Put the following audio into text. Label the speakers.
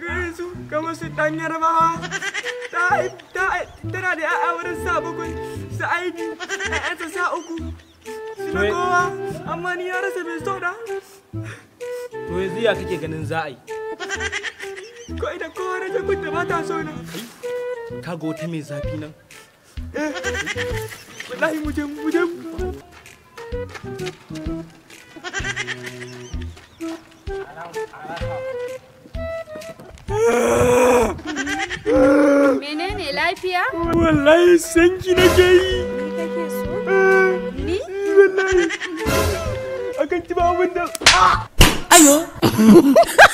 Speaker 1: daga yanzu kamar su dan yarbawa tana da ya'ya wurin sa bakwai su aidi ya'yansa sa uku su na kowa amma ni ya rasa mai soda
Speaker 2: to yanzu ya ganin za a yi
Speaker 1: ko ita kowa rage kun da bata so na
Speaker 2: ka ga wata mai zafi nan
Speaker 1: eh,
Speaker 3: Menene lafiya? Wallahi
Speaker 1: sanki nake yi.
Speaker 3: Kake so? Eh, Ni? Wallahi.
Speaker 1: Akan abin da. Ah! Ayo.